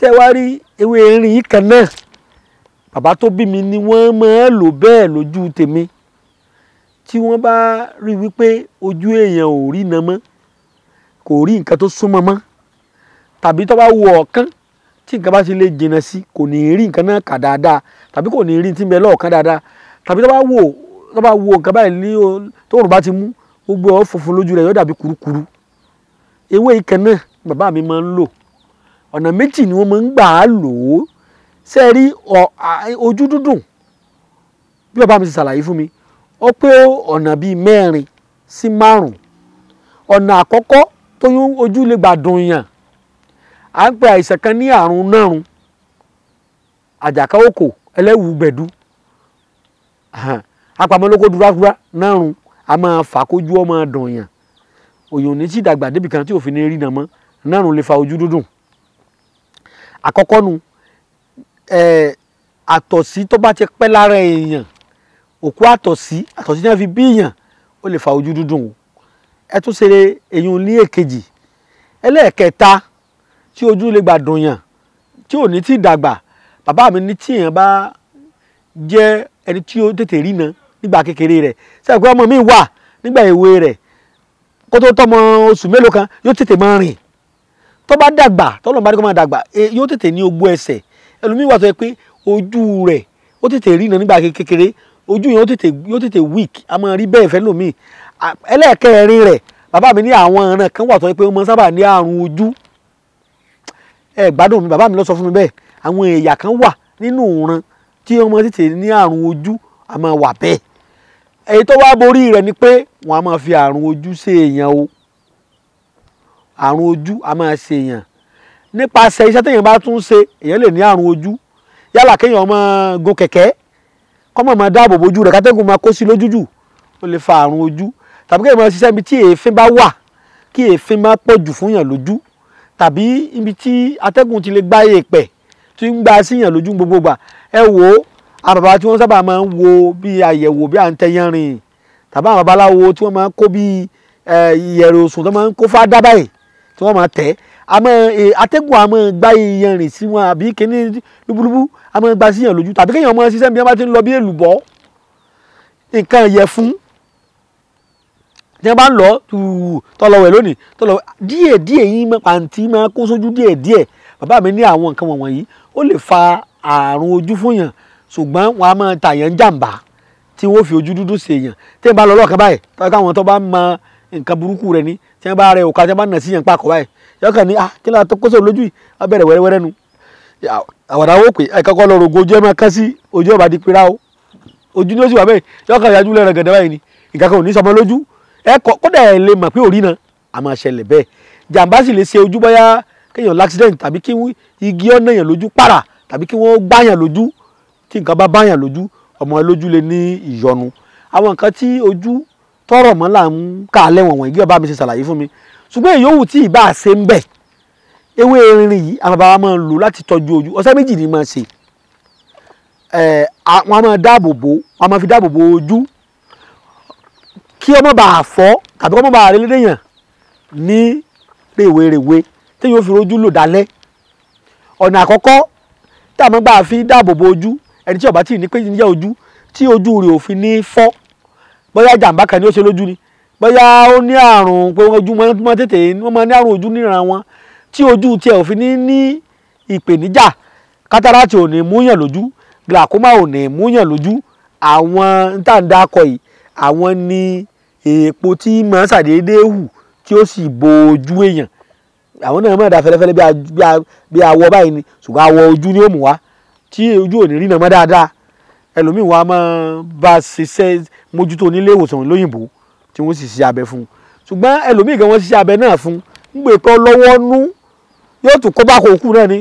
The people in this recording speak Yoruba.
ṣé ẹ wá rí ewé erin yìí kan náà bàbá tó bí mi ni wọ́n máa lò bẹ́ẹ̀ lójú tèmi tí wọ́n bá rí wípé ojú èèyàn ò rí iná mọ́ kò rí nǹkan tó súnmọ́ mọ́ tàbí tó bá wo ọ̀kan tí nǹkan bá ti lè jìnnà sí kò ní rí nǹkan náà kà dáadáa tàbí kò ní rí tí ń bẹ lọ́ọ̀kan dáadáa tàbí tó bá wò tó bá wo nǹkan báyìí ní tóòrùn bá ti mú gbogbo ọ̀ funfun lójú rẹ̀ yóò dàbí kurukuru ewé ikẹ̀ bàbá mi máa ń lò ọ̀nà méjì ni wọ́n máa ń gbà á lò ó ṣe rí ojú dúdùn bí bàbá mi ti ṣàlàyé fún mi ó pé ọ̀nà bíi mẹ́rin sí márùn-ún ọ̀nà àkọ́kọ́ tó yún ojú lè gbà dùn yàn à ń pe àìsàn kan ní àrùn nárun àjàká ẹlẹ́wùú gbẹ̀dú apamọ́lókó dúrákúrá nárun a máa fà kójú ọmọ dùn yàn òyìn ní tí ìdàgbà débìkan tí òfin ní rí nà mọ́ nárun lè fa ojú dúdùn àkọ́kọ́ nu àtọ̀sí tó bá ti pẹ́ lára èèyàn òkú àtọ̀sí àtọ̀sí náà fi bí èèyàn ó lè fa ojú dúdùn o ẹ tún ṣe èyí ní èkejì ẹlẹ́ẹ̀kẹta tí ojú lè gbà dùn yàn tí ò ní tí dàgbà bàbá mi ní tí èèyàn bá jẹ́ ẹni tí ó tètè rí na nígbà kékeré rẹ̀ sẹ́yìn pé ọmọ mi wà nígbà èwe rẹ̀ kó tó oṣù mélòó kan yóò tètè máa rìn tó bá dàgbà tọ́lọ́n bá ní kó máa dàgbà e, yóò tètè ní ogbó ẹsẹ̀ ẹlòmíì wà tó yẹ pé ojú rẹ̀ ó tètè rí iná nígbà kékeré ojú yẹn yóò tètè weak a máa rí bẹ́ẹ̀ fẹ́ lòmíì ẹlẹ́ẹ̀kẹrin rẹ̀ bàbá mi ní àwọn ọ̀ràn kan wà tó yẹ pé ó máa sábà ní àrùn ojú ẹ gbádùn mi bàbá mi lọ sọ fún mi bẹ́ẹ̀ àwọn ẹ̀yà kan wà nínú òran tí wọ́n máa tètè ní àrùn ojú a máa wà bẹ́ẹ̀ èyí tó wá borí rẹ̀ ni pé wọ́n á máa fi àrùn ojú ṣe èèyàn o àrùn ojú a máa ṣe èèyàn nípasẹ̀ iṣẹ́ téèyàn bá tún ṣe èèyàn lè ní àrùn ojú yálà kéèyàn ọmọ gun kẹ̀kẹ́ kọ́mọ̀ máa dáàbò bojú rẹ̀ kátẹ́gùn máa kó sí lójú jù ó lè fa àrùn ojú tàbí kéèyàn máa ṣiṣẹ́ ibi tí èéfín bá wà kí èéfín máa pọ̀ jù fún yàn lójú tàbí ibi tí atẹ́gùn ti lè gbá èèpẹ̀ tí ń gba síyàn lójú gbogbo gbà ẹ wò ó àbàbà tí wọ́n sábà máa ń wo bí àyẹ̀wò bí à ń tẹyán rìn tàbí àwọn babaláwo tí wọ́n máa ń kó bí ìyẹ̀rẹ̀ òsùn tó máa ń kó fá dábàyè tí wọ́n máa tẹ̀ àmọ́ e, atẹ́gùn àmọ́ gba iyan rìn sí wọn àbí kíní lúbúlúbú àmọ́ gba sí yàn lójú tàbí kéèyàn mọ ṣiṣẹ́ bí wọ́n bá ti ń lọ bí èlùbọ́ nǹkan yẹ fún tí wọ́n bá ń lọ tọ́lọ̀wẹ̀ lónìí tọ́lọ̀wẹ̀ díẹ̀ díẹ̀ yín pàǹtí máa kó sójú díẹ̀ díẹ̀ bàbá mi ní àwọn nǹkan wọ̀nyí ó lè fa àrùn ojú fún yàn ṣùgbọ́n wọn a máa tàyàn jàǹbá tí wọ́n fi ojú dúdú ṣèyàn tí wọ́n bá lọ lọ́ọ̀kan báyìí tọ́ka tó bá ń mọ nǹkan burúkú rẹ ní tí wọ́n bá rẹ òkà tí wọ́n bá nà sí yẹn pàkọ́ báyìí yọkàn ní ah kí ló tó kóso lójú yìí á bẹ̀rẹ̀ wẹ́rẹ́wẹ́rẹ́ nu àwàdà wò pé ẹ̀ka kọ́ lọ ojú ẹ̀ máa kán ojú ọ̀bà di pera o ojú ni ó sì wà bẹ́ẹ̀ yọkàn yájú lẹ́rẹ̀ gẹ̀dẹ̀ báyìí ni nǹkan kan ò ní sọmọ lójú ẹ kọ kódà ẹ lè mọ̀ pé òrí náà a máa ṣẹlẹ̀ jàǹbá sì lè ṣe ojú bóyá kéèyàn l'accident tàbí kí igi ọ̀nà yàn lójú para tàbí kí wọ́n gbáyàn lójú tí nǹkan bá báyàn lójú ọmọ ẹ lójú lè ní ìyọnu àwọn nǹkan tí ojú tọrọ mọ́ là ń kà lẹ́wọ̀n wọ̀nyí bí ọba mi ṣe ṣàlàyé fún mi ṣùgbọ́n ìyówù tí ìbá ṣe ń bẹ̀ ewé erin yìí àwọn bàbá máa ń lò láti tọ́jú ojú ọṣẹ méjì ni máa ṣe wọn máa dáàbò bò wọn máa fi dáàbò bò ojú kí ọmọ bàa fọ́ tàbí ọmọ bàa rélé yàn ní rèwerèwe tí yóò fi rojú lò dálẹ́ ọ̀nà àkọ́kọ́ tá a máa gbà fi dáàbò bò ojú ẹni tí ó tí ì ní pé níyà ojú tí ojú rẹ̀ ò ní fọ́ bóyá jàǹbá kan ni ó ṣe lójú ni bóyá ó ní àrùn pé ojú mọ tètè wọ́n máa ní àrùn ojú níran wọn tí ojú tiẹ̀ ò fi ní ní ìpèníjà kátàràtì ò ní múyàn lójú glaucoma ò ní múyàn lójú àwọn ntàǹdà yìí àwọn ni èèpo tí máa ṣàdédé hù tí ó sì bo ojú èèyàn àwọn náà máa dà fẹlẹfẹlẹ bí awọ báyìí ni ṣùgbọ́n awọ ojú ni ó mú wá tí ojú ò ní rí nàmọ́ dáadáa ẹlòmíì wọn máa bá ṣiṣẹ́ mójútó onílé ìwòsàn lóyìnbó tí wọ́n sì ṣe abẹ fún un ṣùgbọ́n ẹlòmíì gan wọ́n ṣe abẹ náà fún un ń gbé kọ́ lọ́wọ́ nú yóò tún kó bá kó kú náà ni